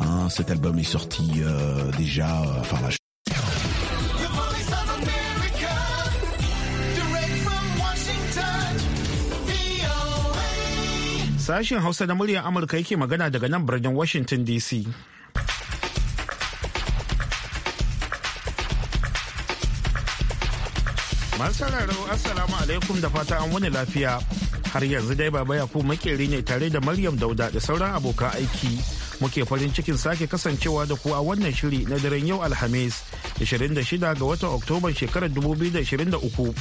Hein, cet album est sorti euh, déjà, euh, enfin la Sashen Hausa na muryar Amurka yake magana daga nan birnin Washington DC. Masararo Assalamu alaikum da fata an wani lafiya. Har yanzu dai Baba ku makeri ne tare da Maryam Dauda da sauran abokan aiki. muke farin cikin sake kasancewa da ku a wannan shiri na daren yau alhamis 26 ga watan oktoba shekarar 2023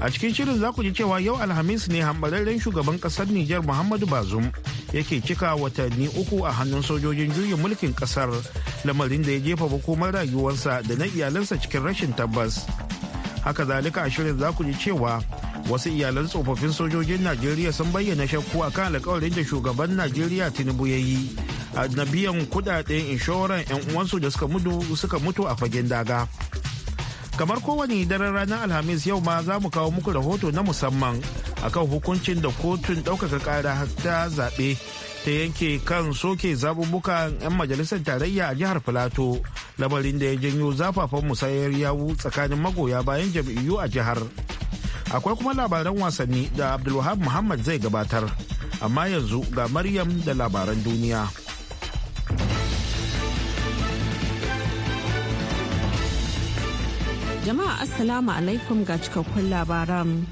a cikin shirin za ku ji cewa yau alhamis ne hambararren shugaban kasar nijar muhammadu bazum yake cika watanni uku a hannun sojojin juyin mulkin kasar lamarin da ya jefa hukumar rayuwarsa da na iyalansa cikin rashin tabbas haka zalika a shirin za ku ji cewa wasu iyalan tsofaffin sojojin najeriya sun bayyana shakku kan alkawarin da shugaban najeriya tinubu ya yi na biyan kudaden inshoran 'yan uwansu da suka mutu a fagen daga kamar kowane daren ranar alhamis yau ma za mu kawo muku rahoto na musamman akan hukuncin da kotun ɗaukaka ƙara ta zaɓe ta yanke kan soke zaɓuɓɓukan 'yan majalisar tarayya a jihar filato lamarin da ya janyo zafafan musayar yawu tsakanin magoya bayan jam'iyyu a jihar akwai kuma labaran wasanni da abdulwahab muhammad zai gabatar amma yanzu ga maryam da labaran duniya. Jama'a Assalamu alaikum ga cikakkun labaran.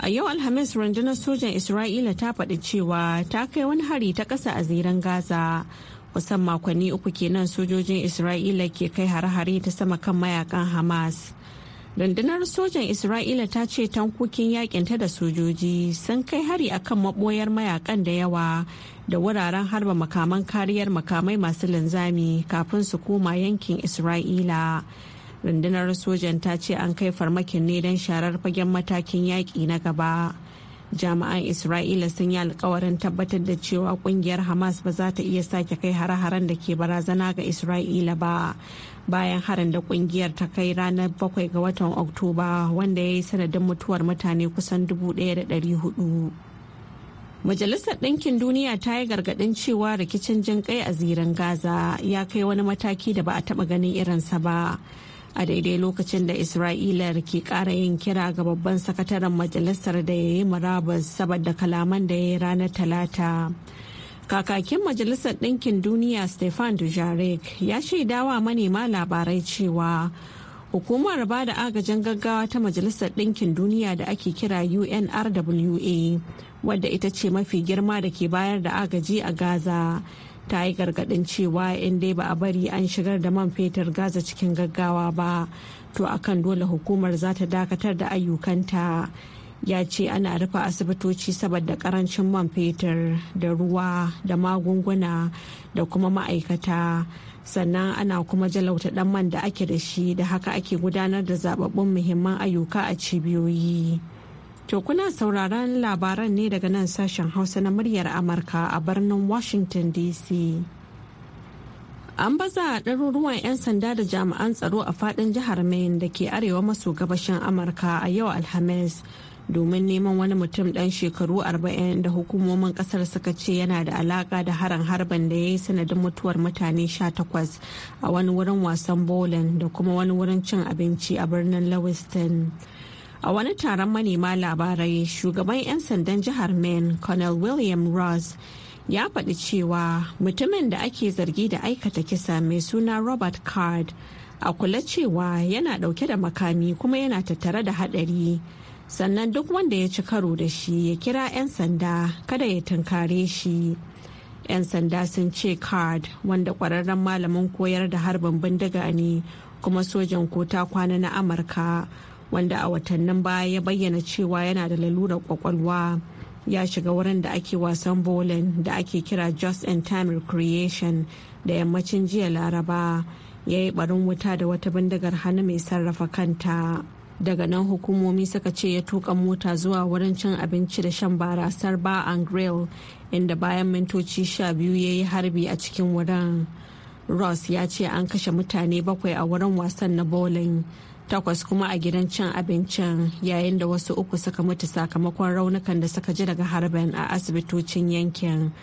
A yau Alhamis rundunar sojan Isra'ila ta faɗi cewa ta kai wani hari ta ƙasa a ziran Gaza. Kusan makonni uku kenan sojojin Isra'ila ke kai hare-hare ta sama kan mayakan Hamas. Rundunar sojan Isra'ila ta ce tankokin ta da sojoji sun kai hari akan maboyar mayakan da yawa da wuraren harba makaman kariyar makamai masu linzami kafin su koma yankin Isra'ila. rundunar sojan ta ce an kai farmakin ne don sharar fagen matakin yaƙi na gaba jami'an isra'ila sun yi alkawarin tabbatar da cewa kungiyar hamas ba za ta iya sake kai hare-haren da ke barazana ga isra'ila ba bayan harin da kungiyar ta kai ranar 7 ga watan oktoba wanda ya yi sanadin mutuwar mutane kusan 1,400 Majalisar Ɗinkin Duniya ta yi gargaɗin cewa rikicin jinƙai a zirin Gaza ya kai wani mataki da ba a taɓa ganin irinsa ba. a daidai lokacin da isra'ila ke kara yin kira ga babban sakataren majalisar da ya yi murabus saboda kalaman da ya yi ranar talata kakakin majalisar ɗinkin duniya stefan dujarric ya shaidawa manema labarai cewa hukumar ba da agajin gaggawa ta majalisar ɗinkin duniya da ake kira unrwa wadda ita ce mafi girma da ke bayar da agaji a gaza ta yi gargaɗin cewa in dai ba a bari an shigar da man fetur gaza cikin gaggawa ba to akan dole hukumar za ta dakatar da ayyukanta ya ce ana rufe asibitoci saboda karancin man fetur da ruwa da magunguna da kuma ma'aikata sannan ana kuma jalauta dan man da ake da shi da haka ake gudanar da zababbun muhimman ayyuka a cibiyoyi. To kuna sauraron labaran ne daga nan sashen Hausa na muryar Amurka a birnin Washington DC. An baza ɗaruruwan 'yan sanda da jami'an tsaro a faɗin jihar Maine da ke arewa maso gabashin Amurka a yau Alhamis domin neman wani mutum ɗan shekaru 40 da hukumomin ƙasar suka ce yana da alaƙa da harin harbin da ya yi sanadin mutuwar mutane 18 a wani wurin wasan bowling da kuma wani wurin cin abinci a birnin Lewiston. A wani taron manema labarai shugaban 'yan sandan jihar Maine, Colonel William Ross, ya faɗi cewa mutumin da ake zargi da aikata kisa mai suna Robert Card a kula cewa yana ɗauke da makami kuma yana tattare da haɗari. Sannan duk wanda ya ci karo da shi ya kira 'yan sanda kada ya tunkare shi. 'Yan sanda sun ce Card wanda ƙwararren malamin koyar da harbin bindiga ne kuma sojan kota kwana na Amurka. wanda a watannin baya ya bayyana cewa yana da lalurar kwakwalwa ya shiga wurin da ake wasan bowling da ake kira just in time recreation da yammacin jiya laraba ya yi barin wuta da wata bindigar hannu mai sarrafa kanta daga nan hukumomi suka ce ya tuka mota zuwa wurin cin abinci da shan barasar bar and grill inda bayan mintoci sha biyu ya yi harbi a cikin wurin ross ya ce an kashe mutane bakwai a wurin wasan na bowling takwas kuma a gidan cin abincin yayin da wasu uku suka mutu sakamakon raunukan da suka ji daga harbin a asibitocin yankin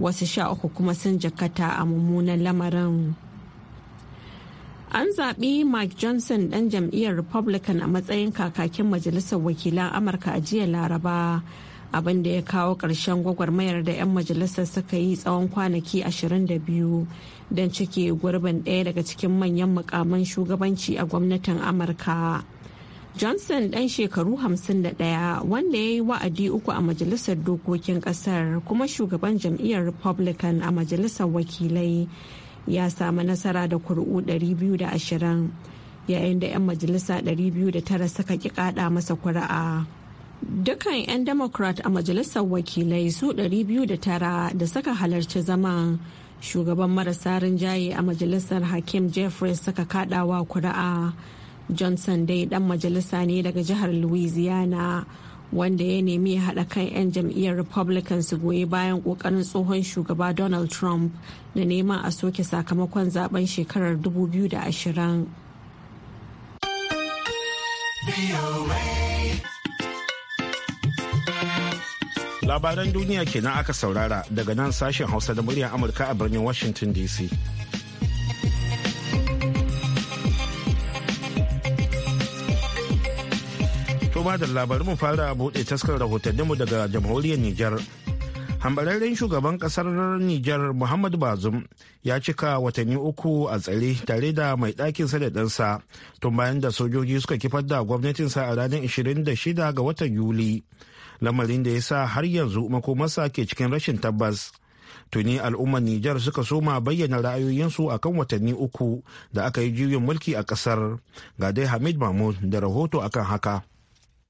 wasu sha uku kuma sun jakata a mummunan lamarin an zaɓi mike johnson ɗan jam'iyyar republican a matsayin kakakin majalisar wakilan amurka a jiya laraba abin da ya kawo ƙarshen gwagwarmayar da 'yan majalisar suka yi tsawon kwanaki 22 don cike gurbin ɗaya daga cikin manyan mukaman shugabanci a gwamnatin amurka johnson ɗan shekaru 51 wanda ya yi wa'adi uku a majalisar dokokin ƙasar kuma shugaban jam'iyyar republican a majalisar wakilai ya samu nasara da kuri'u 220 yayin da 'yan majalisa 209 suka ƙi kada masa kuri'a. dukkan 'yan Democrat a Majalisar Wakilai su 209 da suka halarci zaman shugaban marasa rinjaye a majalisar hakim jeffries saka kadawa kuri'a johnson dai dan majalisa ne daga jihar louisiana wanda ya nemi ya haɗa kan 'yan jam'iyyar republican su goyi bayan ƙoƙarin tsohon shugaba donald trump da neman a soke sakamakon zaben shekarar 2020 labaran duniya kenan aka saurara daga nan sashen hausa da muryar amurka a birnin washington dc to da labarin mu fara buɗe taskar rahotanninmu daga jamhuriyar nijar. hambararren shugaban kasar Nijar Muhammadu Bazum ya cika watanni uku a tsare tare da mai ɗakinsa da ɗansa tun bayan da sojoji suka kifar da gwamnatinsa a ranar 26 ga watan Yuli. Lamarin da ya sa har yanzu makomarsa ke cikin rashin tabbas. Tuni al'ummar Nijar suka soma bayyana ra'ayoyinsu a kan watanni uku da aka yi juyin mulki a ƙasar. Ga dai Hamid Mahmud da rahoto akan haka.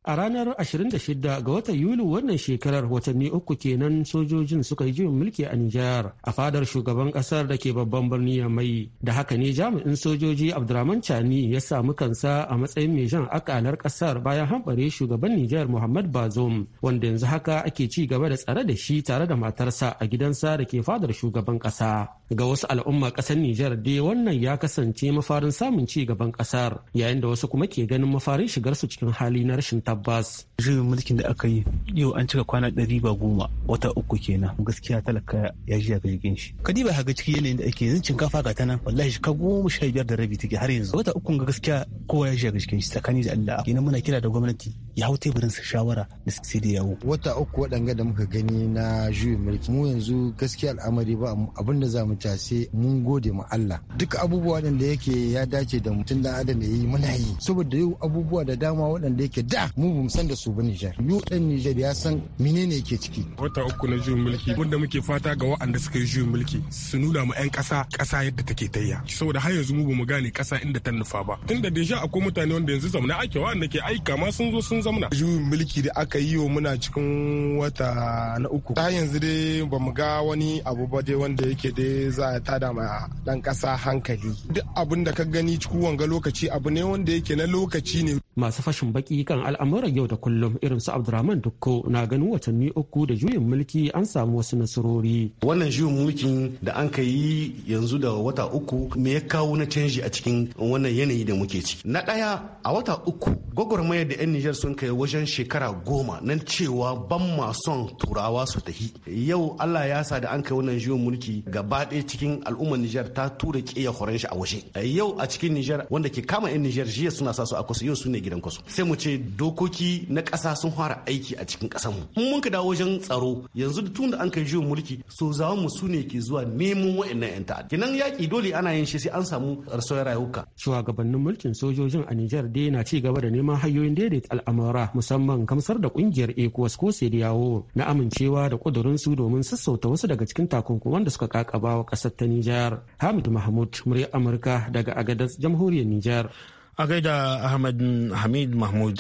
A ranar 26 ga watan Yuli wannan shekarar watanni uku kenan sojojin suka yi juyin mulki a Nijar a fadar shugaban kasar da ke babban birni mai da haka ne jami'in sojoji Abdurrahman Chani ya samu kansa a matsayin mai jan akalar kasar bayan hambare shugaban Nijar Muhammad Bazoum wanda yanzu haka ake ci gaba da tsare da shi tare da matarsa a gidansa da ke fadar shugaban kasa. Ga wasu al'umma ƙasar Nijar dai wannan ya kasance mafarin samun ci gaban ƙasar yayin da wasu kuma ke ganin mafarin shigar su cikin hali na rashin tabbas. Jirgin mulkin da aka yi yau an cika kwana ɗari ba goma wata uku kenan gaskiya talaka ya ji daga jikin shi. Kadi ba haga ciki yanayin da ake yanzu shinkafa ga ta nan wallahi ka goma sha biyar da rabi take har yanzu wata uku ga gaskiya kowa ya ji ga jikin shi tsakani da Allah. Kenan muna kira da gwamnati ya hau teburin su shawara da sai da yawo. Wata uku waɗanga da muka gani na juyin mulki mu yanzu gaskiya al'amari ba abin da za mu sai mun gode ma Allah duk abubuwa da yake ya dace da mutum da adam ya yi muna yi saboda yau abubuwa da dama waɗanda yake da mu bu san da su ba Nijar yau ɗan Nijar ya san menene yake ciki wata uku na juyin mulki wanda muke fata ga waɗanda suka yi juyin mulki su nuna mu ƴan ƙasa ƙasa yadda take tayya saboda har yanzu mu bamu gane ƙasa inda ta nufa ba tunda deja akwai mutane wanda yanzu zamna ake waɗanda ke aika ma sun zo sun zamna juyin mulki da aka yi wa muna cikin wata na uku ta yanzu dai bamu ga wani abu ba dai wanda yake dai za a tada ma dan kasa hankali duk abin da ka gani cikin wanga lokaci abu ne wanda yake na lokaci ne masu fashin baki kan al'amuran yau da kullum irin su abdurrahman dukko na ganin watanni uku da juyin mulki an samu wasu nasarori wannan juyin mulkin da an ka yi yanzu da wata uku me ya kawo na canji a cikin wannan yanayi da muke ciki na ɗaya a wata uku gwagwarmayar da 'yan nijar sun kai wajen shekara goma nan cewa ban ma son turawa su tafi yau allah ya sa da an kai wannan juyin mulki gaba ɗaya ne cikin al'ummar Nijar ta tura kiyaye horon shi a waje eh, yau a cikin Nijar wanda ke kama yan Nijar jiya suna sa su a kusa yau su ne gidan kwasu. sai mu ce dokoki na ƙasa sun fara aiki a cikin ƙasar mu in mun ka dawo wajen tsaro yanzu tun da an kai juyin mulki so zawo mu su ne ke zuwa neman wa'annan yan ta'adda kinan yaki dole ana yin shi sai an samu rasuwar rayuka shugabannin mulkin sojojin a Nijar dai na ci gaba da neman hanyoyin daidaita al'amura musamman kamsar da kungiyar ECOWAS ko Sediyawo na amincewa da ƙudurin su domin sassauta wasu daga cikin takunkuman da suka kakaba kasar ta Nijar. Hamid Mahmud, murya Amurka daga Agadas, Jamhuriyar Nijar. A gaida Ahmad Hamid Mahmud,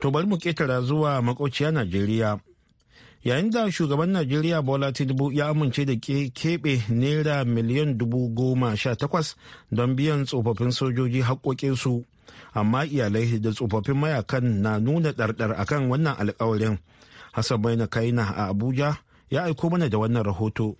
to bari mu ketara zuwa makociya Najeriya. Yayin da shugaban Najeriya Bola Tinubu ya amince da keɓe naira miliyan dubu goma sha takwas don biyan tsofaffin sojoji haƙoƙinsu. amma iyalai da tsofaffin mayakan na nuna ɗarɗar akan wannan alƙawarin. hassan baina kaina a abuja ya aiko mana da wannan rahoto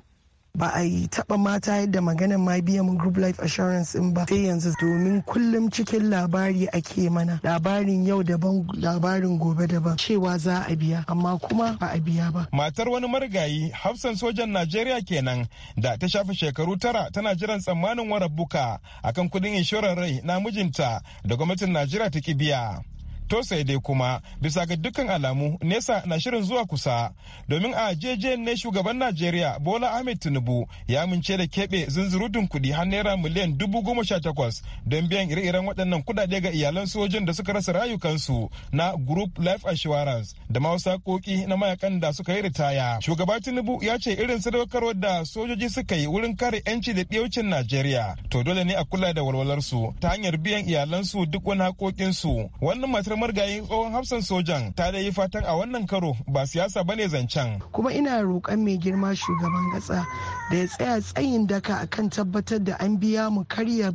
ba a yi taba mata yadda maganan ma biya mu group life assurance in ba sai yanzu domin kullum cikin labari ake mana labarin yau daban labarin gobe daban cewa za a biya amma kuma ba a biya ba matar wani marigayi hafsan sojan najeriya kenan da ta shafi shekaru tara tana jiran tsammanin warabuka akan kudin inshorar rai na mijinta da gwamnatin najeriya ta ki biya To sai dai kuma bisa ga dukkan alamu nesa na shirin zuwa kusa domin a jejen ne shugaban Najeriya Bola Ahmed Tinubu ya amince da keɓe zunzurutun kuɗi har naira miliyan dubu goma sha takwas don biyan ire-iren waɗannan kuɗaɗe ga iyalan sojin da suka rasa rayukansu na Group Life Assurance da ma wasu haƙoƙi na mayakan da suka yi ritaya. Shugaba Tinubu ya ce irin sadaukarwar da sojoji suka yi wurin kare 'yanci da ɗiyaucin Najeriya to dole ne a kula da walwalarsu ta hanyar biyan iyalansu duk wani haƙoƙinsu. Wannan matar marigayi tsohon hafsan sojan ta da yi fatan a wannan karo ba siyasa bane zancen kuma ina roƙon mai girma shugaban ƙasa da ya tsaya tsayin daka akan tabbatar da an biya mu karya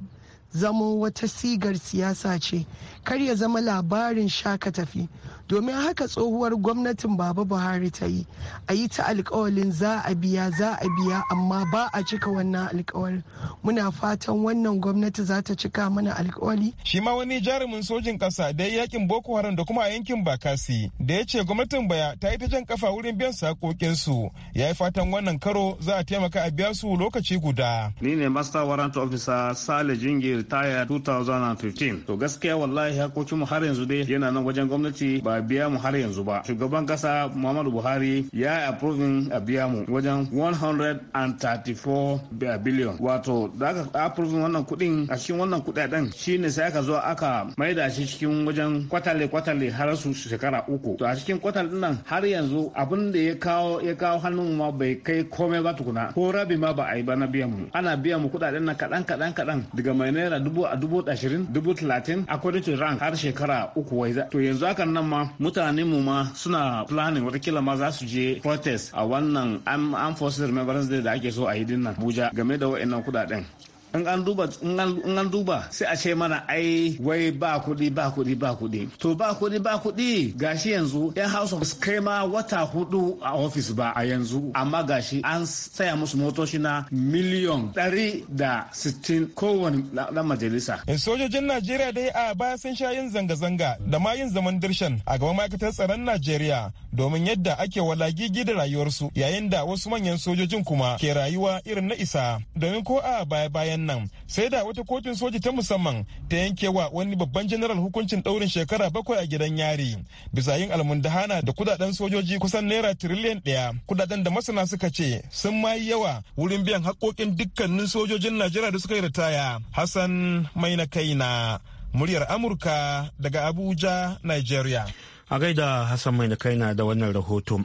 zamo wata sigar siyasa ce kar ya zama labarin shaka tafi domin haka tsohuwar gwamnatin baba buhari ta yi a yi ta alkawalin za a biya za a biya amma ba a cika wannan alkawari muna fatan wannan gwamnati za ta cika mana alkawali shi ma wani jarumin sojin kasa da yakin boko haram da kuma a yankin bakasi da ya ce gwamnatin baya ta yi ta jan kafa wurin biyan sakokin su ya yi fatan wannan karo za a taimaka a biya su lokaci guda ni ne master warrant officer sale jingir ritaya 2015 to gaskiya wallahi hakokin mu har yanzu dai yana nan wajen gwamnati ba biya mu har yanzu ba shugaban kasa muhammadu buhari ya approving a biya mu wajen 134 billion wato da aka approving wannan kudin a cikin wannan kudaden shine sai aka zo aka maida shi cikin wajen kwatale kwatale har su shekara uku to a cikin kwatal nan har yanzu abin da ya kawo ya kawo hannun ma bai kai komai ba tukuna ko rabi ma ba a yi ba na biya mu ana biya mu kudaden nan kadan kadan kadan daga mai naira naira dubu a dubu ashirin dubu talatin akwai to rank har shekara uku wai to yanzu hakan nan ma mutane mu ma suna planning watakila ma za su je protest a wannan an forces remembrance day da ake so a yi dinnan abuja game da wa'annan kudaden in an duba in an duba sai a ce mana ai wai ba kuɗi ba kuɗi ba kuɗi to ba kuɗi ba kuɗi gashi yanzu yan house of kai ma wata hudu a office ba a yanzu amma gashi an saya musu motoci na miliyon ɗari da sittin kowane ɗan majalisa. Eh, sojojin najeriya dai a baya sun sha yin zanga-zanga da ma yin zaman dirshan a gaban ma'aikatar tsaron najeriya domin yadda ake walagigi da rayuwarsu yayin da wasu manyan sojojin kuma ke rayuwa irin na isa domin ko a baya-bayan nan sai da wata kotun soji ta musamman ta yanke wa wani babban janaral hukuncin daurin shekara bakwai a gidan yari bisa yin almundahana da kudaden sojoji kusan naira tiriliyan ɗaya kudaden da masana suka ce sun ma yi yawa wurin biyan haƙoƙin dukkanin sojojin najeriya da suka yi ritaya hassan mai na kaina muryar amurka daga abuja nigeria a gaida hassan mai na kaina da wannan rahoto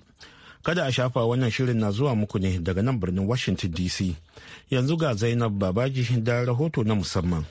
kada a shafa wannan shirin na zuwa muku ne daga nan birnin washington dc yanzu ga zainab babaji da rahoto na musamman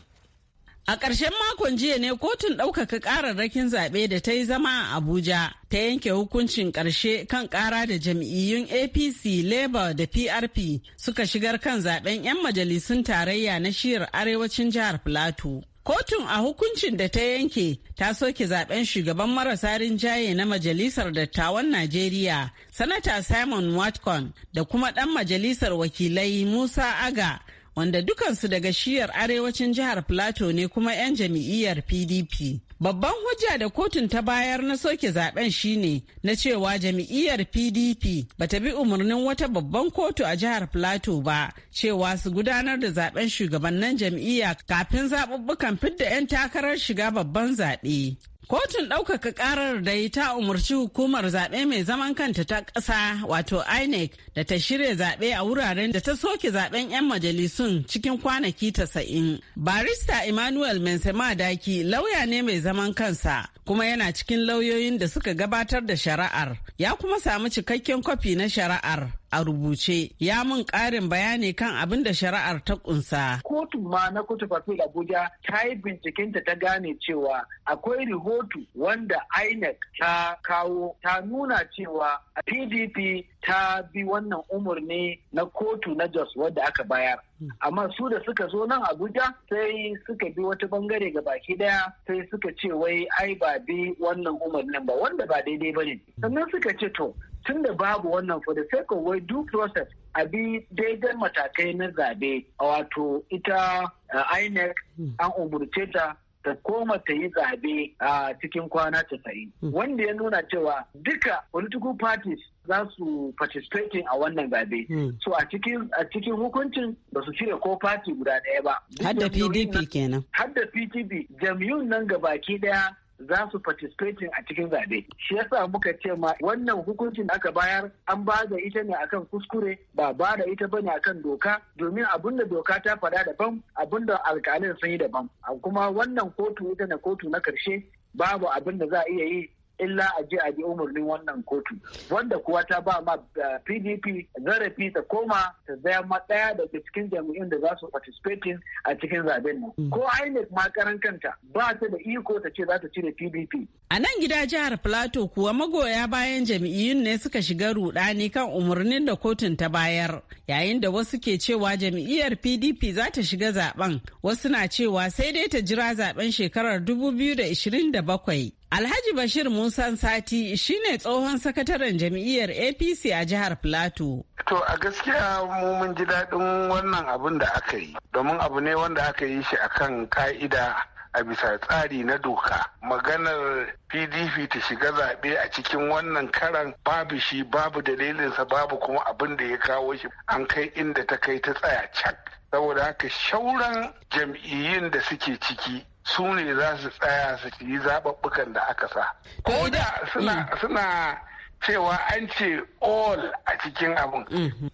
A ƙarshen makon jiya ne kotun ɗaukaka ƙararrakin zaɓe da ta yi zama a Abuja ta yanke hukuncin ƙarshe kan ƙara da jam'iyyun APC, Labour da PRP suka shigar kan zaɓen 'yan majalisun tarayya na shiyar arewacin jihar plateau Kotun a hukuncin da ta yanke ta soke zaben shugaban marasa rinjaye na Majalisar Dattawan Najeriya, Sanata Simon Watcon da kuma ɗan Majalisar Wakilai Musa Aga, wanda dukansu daga shiyar arewacin jihar Plateau ne kuma 'yan jam'iyyar PDP. Babban hujja da kotun ta bayar na soke zaben shine na cewa jam'iyyar PDP bata bi umarnin wata babban kotu a jihar Plateau ba cewa su gudanar da zaben shugabannin jam'iyya kafin zaɓuɓɓukan fidda 'yan takarar shiga babban zaɓe. Kotun ɗaukaka ƙarar da ta umarci hukumar zaɓe mai zaman kanta ta ƙasa wato INEC da ta shirya zaɓe a wuraren da ta soke zaɓen 'yan majalisun cikin kwanaki tasa'in. Barista Emmanuel Mensema Daki lauya ne mai zaman kansa kuma yana cikin lauyoyin da suka gabatar da shari'ar ya kuma samu cikakken kwafi na shari'ar a rubuce ya mun ƙarin bayani kan abin da shari'ar ta kunsa. Kotu ma na kotu Fafil Abuja ta yi bincikenta ta gane cewa akwai rahoto wanda INEC ta kawo ta nuna cewa PDP ta bi wannan umarni na kotu na Jos wadda aka bayar. amma su da suka zo nan abuja sai suka bi wata bangare ga baki daya sai suka ce wai ai ba bi wannan umarnin ba wanda ba daidai ba ne sannan suka ce to tun da babu wannan for the sake of way due process a bi daidai matakai na zabe a wato ita uh, inec hmm. an umurce ta ta koma ta yi zabe a uh, cikin kwana casa'in hmm. wanda ya nuna cewa duka political parties za su participate a wannan zabe hmm. so a cikin a cikin hukuncin ba su cire ko party guda ɗaya ba hadda pdp kenan hadda pdp jam'iyyun nan ga baki ɗaya za su participating a cikin zaɓe. Shi yasa muka ce ma wannan hukuncin da aka bayar an ba da ita ne akan kuskure ba ba da ita bane akan doka domin abin da doka ta faɗa daban abin da alƙalin sun yi daban. Kuma wannan kotu ita na kotu na ƙarshe babu abin da za a iya yi illa a je a ji umarnin wannan kotu wanda kuwa ta ba ma pdp uh, zarafi ta koma ta zama ɗaya daga cikin jami'in da za su participating a cikin zaben nan hmm. ko inec ma karan kanta ba ta da iko ta ce za ta cire pdp a nan gida jihar plateau kuwa magoya bayan jami'in ne suka shiga rudani kan umarnin da kotun ta bayar yayin da wasu ke cewa jam'iyyar pdp za ta shiga zaben wasu na cewa sai dai ta jira zaben shekarar 2027 Alhaji Bashir Musa Sati shi ne tsohon sakataren jam'iyyar APC a jihar Plateau. To a gaskiya mu mun ji daɗin wannan abin da aka yi, domin abu ne wanda aka yi shi akan ka'ida a bisa tsari na doka. Maganar PDP ta shiga zaɓe a cikin wannan karan babu shi babu dalilinsa babu kuma abin da ya kawo shi an kai inda ta kai ta tsaya cak. Saboda haka shauran jam'iyyun da suke ciki su ne za su tsaya su yi zaɓaɓɓukan da aka sa. Ko da mm. suna cewa an ce all a cikin abin. Mm-hmm.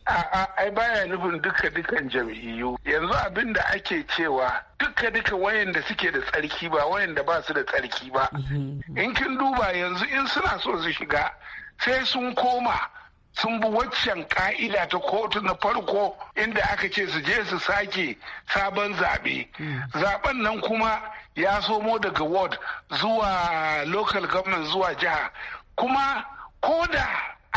Ai baya nufin duka dukan jam'iyyu. Yanzu abin da ake cewa duka duka wayanda suke da tsarki ba wayanda ba su da tsarki ba. Mm-hmm. In kin duba yanzu in suna so su shiga sai sun koma. sun bi waccan ka'ida ta kotu na farko inda aka ce su je su sake sabon zaɓe. Zaɓen nan kuma ya somo daga ward zuwa local government zuwa jiha. Kuma ko da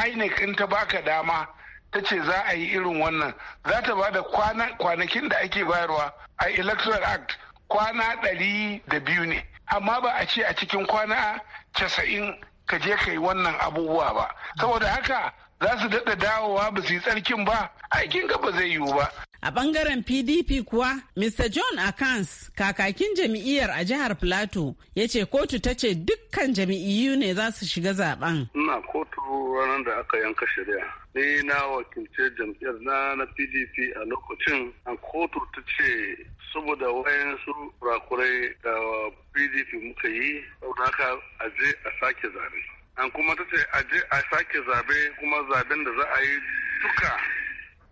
INEC in ta baka dama ta ce za a yi irin wannan za ta ba da kwanakin da ake bayarwa a electoral act kwana ɗari da biyu ne amma ba a ce a cikin kwana casa'in ka je ka yi wannan abubuwa ba saboda haka za su daɗa dawowa ba su yi tsarkin ba aikin ga ba zai yiwu ba. A bangaren PDP kuwa, Mr. John Akans, kakakin jam'iyyar a jihar Plateau, ya ce kotu ta ce dukkan jam'iyyu ne za su shiga zaben. Ina kotu ranar da aka yanka shari'a. Ni na wakilce jam'iyyar na na PDP a lokacin, a kotu ta ce saboda wayan su rakurai da PDP muka yi, saboda haka a je a sake zabe. an kuma ta ce a je a sake zabe kuma zaben da za a yi duka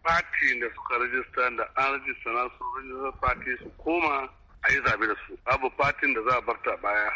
fati da suka rajista da an rajista na su rajista fati su koma a yi zabe da su babu fatin da za a barta baya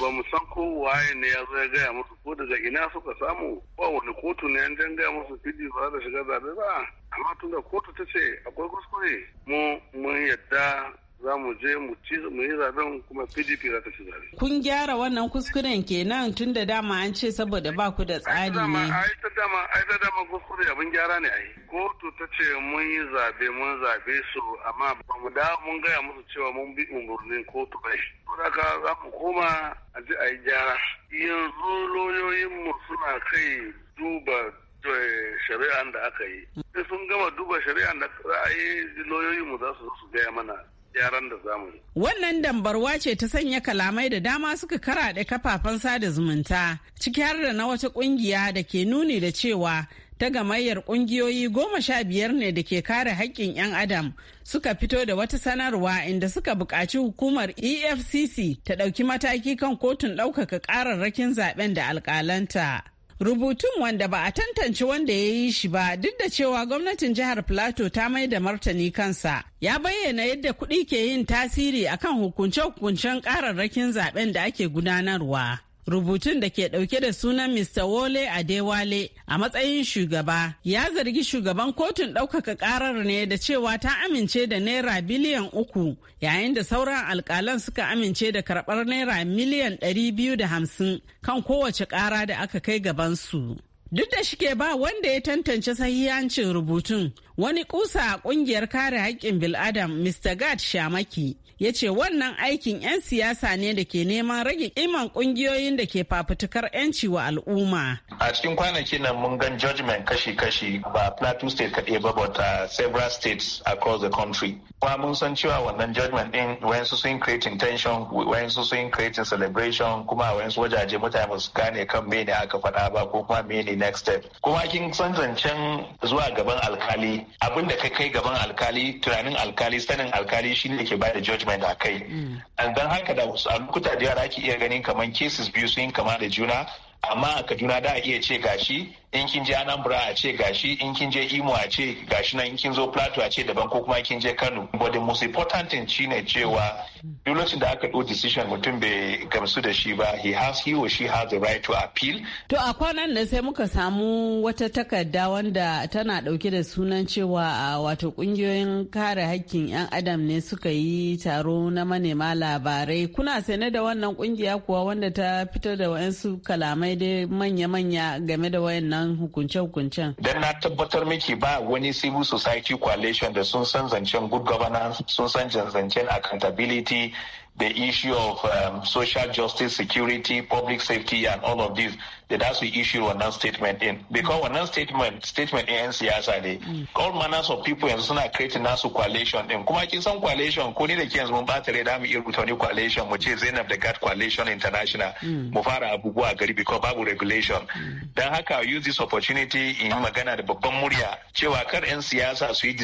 ba mu san ko waye ne ya zo ya gaya musu ko daga ina suka samu ba wani kotu ne an jan musu fidi ba da shiga zabe ba amma tun da kotu ta ce akwai kuskure mu mun yadda za mu je mu yi zaben kuma pdp za ta ci zabe. kun gyara wannan kuskuren kenan tun da dama an ce saboda ba ku da tsari ne ai ta dama ai ta dama kuskure abin gyara ne ai kotu ta ce mun yi zabe mun zabe su amma ba mu da mun gaya musu cewa mun bi umurnin kotu bai ko da ka za mu koma a ji a yi gyara yanzu lauyoyinmu suna kai duba eh, shari'an da aka yi sai sun gama duba shari'an da ra'ayi lauyoyin za su su gaya mana gyaran da zamu Wannan dambarwa ce ta sanya kalamai da dama suka karaɗe kafafen sada zumunta, ciki har da na wata ƙungiya da ke nuni da cewa ta gamayyar ƙungiyoyi goma sha biyar ne da ke kare haƙƙin 'yan adam suka fito da wata sanarwa inda suka buƙaci hukumar efcc ta ɗauki mataki kan kotun ɗaukaka ƙararrakin zaben da alƙalanta. Rubutun wanda ba a tantance wanda ya yi shi ba duk da cewa gwamnatin jihar Plateau ta mai da martani kansa ya bayyana yadda kuɗi ke yin tasiri akan hukunce-hukuncen ƙararrakin zaben da ake gudanarwa. rubutun da ke dauke da sunan Mr. Wole Adewale a matsayin shugaba ya zargi shugaban kotun ɗaukaka ƙarar ne da cewa ta amince da naira biliyan uku yayin da sauran alƙalan suka amince da karɓar naira miliyan ɗari biyu da hamsin kan kowace ƙara da aka kai gabansu. Duk da shike ba wanda ya tantance sahihancin rubutun wani kusa a kungiyar kare haƙƙin bil'adam Mr. Gad Shamaki ya ce wannan aikin 'yan siyasa ne da ke neman rage iman kungiyoyin da ke fafutukar 'yanci wa al'umma. A cikin kwanaki nan mun gan judgment kashi-kashi ba Plateau State kaɗai ba but uh, several states across the country. Kuma mun san cewa wannan judgment wayan su sun create intention wayan su sun create celebration, kuma wayan su wajaje mutane ba su gane kan mene aka faɗa ba ko kuma mene next step. Kuma kin san zancen zuwa gaban alkali abin da kai kai gaban alkali tunanin alkali sanin alkali shine ke bada judgment treatment da kai. dan mm. haka da a lokuta da yara ake iya ganin kaman cases biyu sun yi kama da juna amma a kaduna da a iya ce gashi in kin je anambra a ce gashi in kin je imo a ce gashi nan in kin zo plateau a ce daban ko kuma kin je kano but the most important thing ne cewa duk lokacin da aka ɗau decision mutum bai gamsu da shi ba he has he or she has the right to appeal to a kwanan nan sai muka samu wata takarda wanda tana ɗauke da sunan cewa a wato ƙungiyoyin kare hakkin yan adam ne suka yi taro na manema labarai kuna sane da wannan ƙungiya kuwa wanda ta fitar da wa'ansu kalamai daidai dai manya-manya game da wayannan hukunce-hukuncen. Dan na tabbatar miki ba wani civil society coalition da sun san zancen good governance, sun san zancen accountability, the issue of um, social justice, security, public safety, and all of this. That's the issue on that statement in. Because on that statement, statement in siyasa ne, mm. all manners of people yanzu suna creating nasu coalition in Kuma kin san coalition ko ni da ke yanzu mun bata rai da mu iya coalition mu ce Zainab da Gat Coalition International hmm. mu fara abubuwa a gari because babu regulation. Dan hmm. haka use this opportunity in magana da babban murya cewa kar 'yan siyasa su yi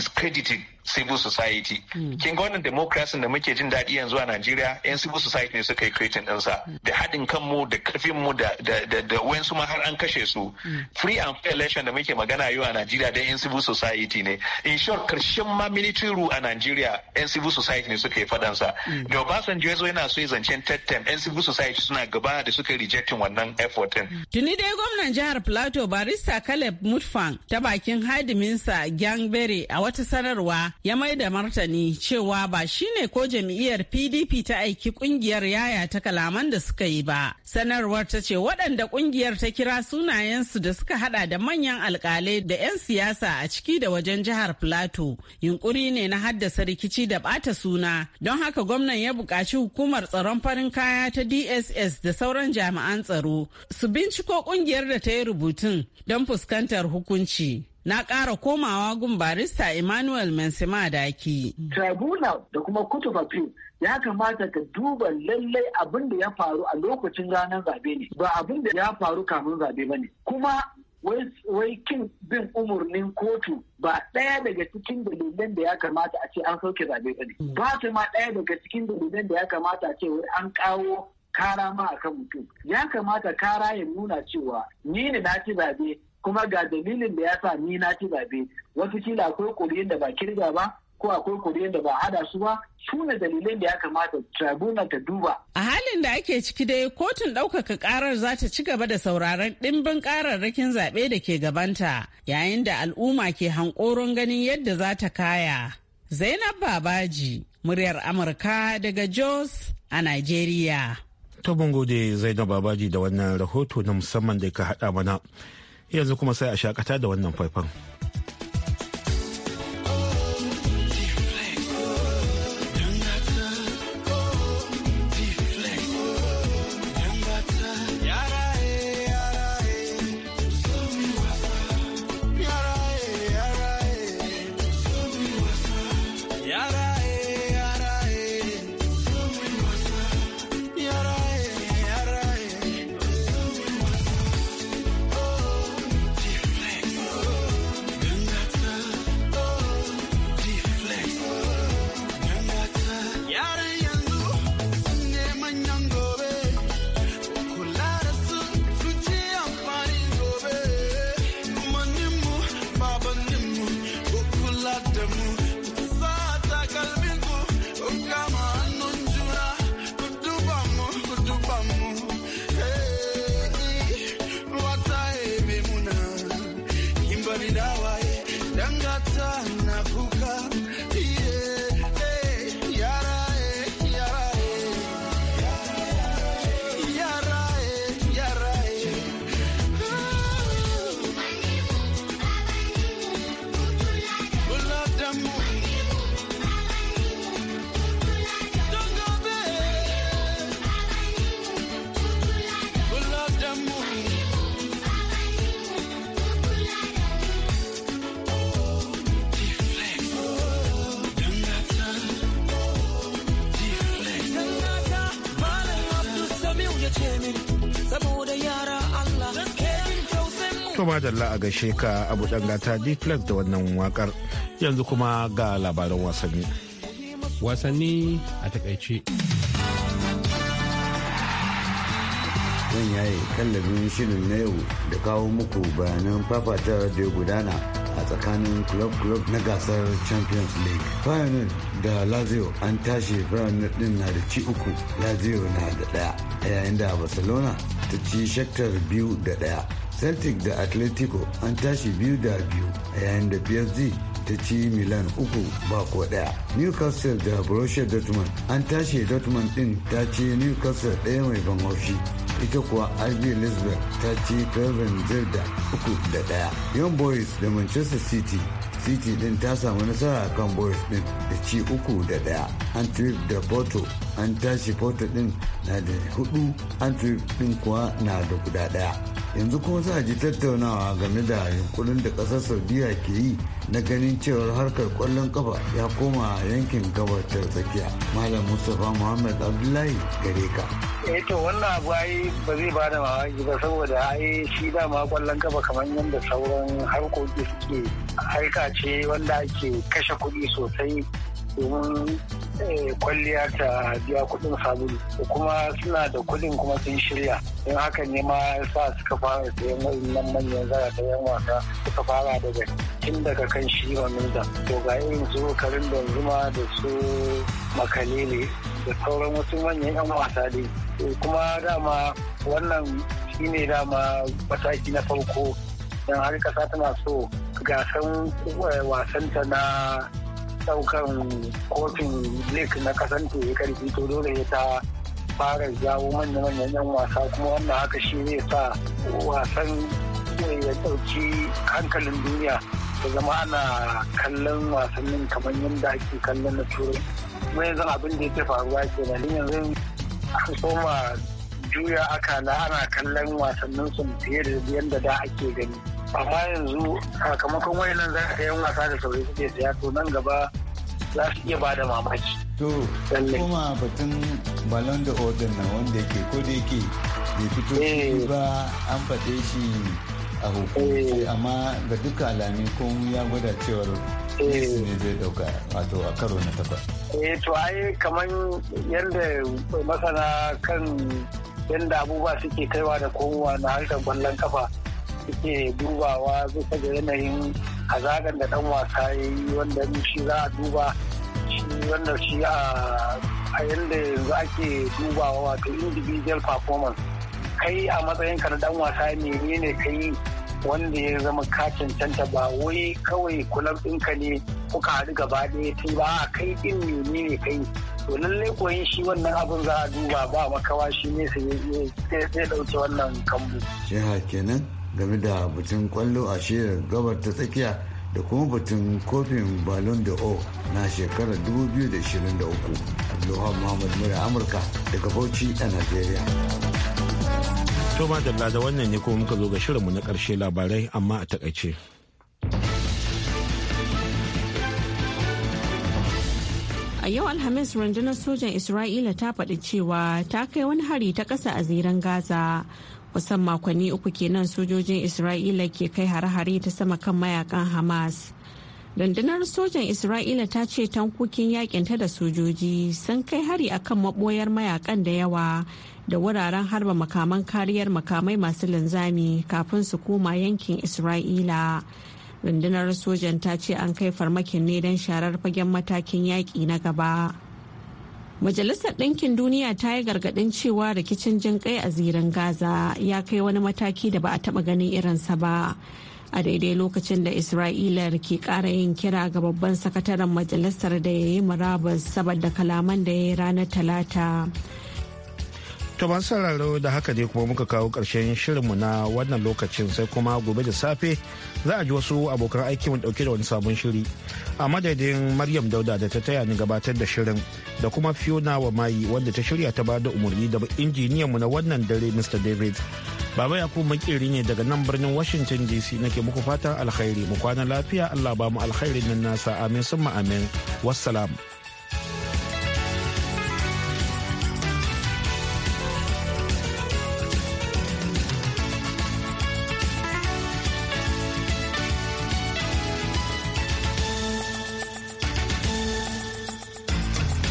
civil society hmm. kin ga wannan democracy da muke jin daɗi yanzu a Najeriya yan civil society ne suka yi creating ɗinsa hmm. da haɗin kanmu da ƙarfin mu da da su ma har an kashe su hmm. free and fair election da muke magana yau a Najeriya da yan civil society ne in short karshen ma military rule a Najeriya yan civil society ne suka yi faɗansa da Obasanjo ya zo yana so ya zancen term, yan civil society suna gaba da suka rejecting wannan effort din tuni dai gwamnan jihar Plateau barista Caleb Mutfang ta bakin hadiminsa Gyangbere a wata sanarwa ya mai da martani cewa ba shine ko jam'iyyar pdp ta aiki kungiyar yaya ta kalaman da suka yi ba sanarwar ta ce waɗanda kungiyar ta kira sunayensu da suka hada da manyan alkalai da 'yan siyasa a ciki da wajen jihar plato yunkuri ne na haddasa rikici da bata suna don haka gwamnan ya buƙaci hukumar tsaron farin kaya ta dss da sauran jami'an tsaro su binciko kungiyar da ta yi rubutun don fuskantar hukunci na ƙara komawa gun barista Emmanuel Mensima Daki. Tribunal da kuma Court ya kamata ka duba lallai abin da ya faru a lokacin ranar zabe ne ba abin da ya faru kafin zabe ba ne. Kuma wai kin bin umarnin kotu ba ɗaya daga cikin dalilan da ya kamata a ce an sauke zabe ba ne. Ba ta ma ɗaya daga cikin dalilan da ya kamata a ce an kawo kara ma akan mutum. Ya kamata kara ya nuna cewa ni ne na ci zabe kuma ga dalilin da ya sa ni na ci zabe wasu kila akwai kuri'in da ba kirga ba ko akwai kuri'in da ba hada su ba su ne dalilin da ya kamata tribunal ta duba. A halin da ake ciki dai kotun ɗaukaka ƙarar za ta ci gaba da sauraron ɗimbin ƙararrakin zaɓe da ke gabanta yayin da al'umma ke hankoron ganin yadda za ta kaya. Zainab Babaji, muryar Amurka daga Jos a Najeriya. Ta gode Zainab Babaji da wannan rahoto na musamman da ka haɗa mana. yanzu kuma sai a shakata da wannan faifan. madalla a ga ka abu dangata deflect da wannan wakar yanzu kuma ga labaran wasanni wasanni a takaice zan yaye kallabin shirin na yau da kawo muku bayanan fafata da ya gudana a tsakanin club club na gasar champions league feyenoord da lazio an tashi feyenoord din na da ci uku lazio na da daya yayin da barcelona ta ci shaktar biyu da daya celtic da atletico an tashi biyu da biyu a yayin da psg ta ci milan uku ba ko daya newcastle da borussia dortmund an tashi dortmund din ta ci newcastle daya mai ban haushi ita kuwa rb lisbon ta ci kelvin zirda uku da daya young boys da manchester city city din ta samu nasara kan boys din da ci uku da daya antwerp da porto an tashi porto din na da hudu antwerp din kuwa na da guda daya yanzu kuma za a ji tattaunawa game da yunkurin da ƙasar saudiya ke yi na ganin cewar harkar kwallon kafa ya koma yankin gabatar tsakiya malam mustapha muhammad abdullahi gare ka eh to wannan abu ai ba zai ba da mawaki ba saboda ai shi dama kwallon kafa kamar yadda sauran harkoki suke harka ce wanda ake kashe kuɗi sosai domin eh, kwalliya ta biya kuɗin sabulu kuma suna da kuɗin kuma sun shirya don haka ne ma sa suka fara sayan wa'annan manyan zara ta yan wasa suka fara daga tun daga kan shi minza to ga irin su karin danzuma da su makalele da sauran wasu manyan yan wasa ne. kuma dama wannan shine dama mataki na farko don har kasa tana so gasan eh, wasanta na daukan kofin lake na kasance ta ya karfi to dole ya ta fara jawo manya manyan yan wasa kuma wannan haka shi zai sa wasan ya dauki hankalin duniya ta zama ana kallon wasannin kamar yadda ake kallon na turai kuma yanzu abin da yake faruwa kenan yanzu an soma juya aka na ana kallon wasannin su fiye da yadda da ake gani amma yanzu sakamakon nan za ka yan wasa da sauri suke siya to nan gaba za su iya ba da mamaki. To, kuma batun Ballon d'Or din nan wanda yake ko da yake bai fito shi eh. ba an faɗe shi a hukumance eh. amma ga duka alami kun ya gwada cewar eh. Messi ne zai dauka wato a karo na takwas. Eh to ai kamar yadda masana kan yadda abubuwa suke kaiwa da komowa na harkar kwallon kafa suke dubawa bisa da yanayin hazaƙar da ɗan wasa ya yi wanda shi za a duba shi wanda shi a yadda yanzu ake dubawa wato individual performance kai a matsayin ka na ɗan wasa menene ne kai wanda ya zama ka cancanta ba wai kawai kulab ɗinka ne kuka haɗu gaba ɗaya tun ba a kai ɗin ne ne kai to lallai koyin shi wannan abin za a duba ba makawa shi ne sai ya ɗauke wannan kambu. jiha kenan game da batun kwallo a shirin gabar ta tsakiya da kuma batun kofin balon da o na shekarar 2023 abdulhamu muhammad mura amurka daga bauchi a nigeria to madalla da wannan ne kuma muka zo ga shirinmu na karshe labarai amma a takaice a yau alhamis rundunar sojan isra'ila ta faɗi cewa ta kai wani hari ta ƙasa a ziran gaza kusan makonni uku kenan sojojin isra'ila ke kai hare-hare ta sama kan mayakan hamas rundunar sojan isra'ila ta ce tankokin ta da sojoji sun kai hari akan maboyar mayakan da yawa da wuraren harba makaman kariyar makamai masu linzami kafin su koma yankin isra'ila rundunar sojan ta ce an kai farmakin ne don sharar fagen matakin yaƙi na gaba Majalisar Ɗinkin Duniya ta yi gargaɗin cewa rikicin jin kai a zirin Gaza ya kai wani mataki da ba a taɓa ganin irinsa ba. A daidai lokacin da Isra'ila ke ƙara yin kira ga babban sakataren majalisar da ya yi murabus saboda kalaman da ya yi ranar Talata. To masu sauraro da haka ne kuma muka kawo ƙarshen shirinmu na wannan lokacin sai kuma gobe da safe za a ji wasu abokan aiki mun ɗauke da wani sabon shiri. A madadin Maryam Dauda da ta taya ni gabatar da shirin da kuma Fiona wa mayi wanda ta shirya ta bada umarni da mu na wannan dare Mr. David. Baba Yakubu makiri ne daga nan birnin Washington DC nake muku fatan alkhairi mu kwana lafiya Allah ba mu alkhairin nan nasa amin summa amin wassalam.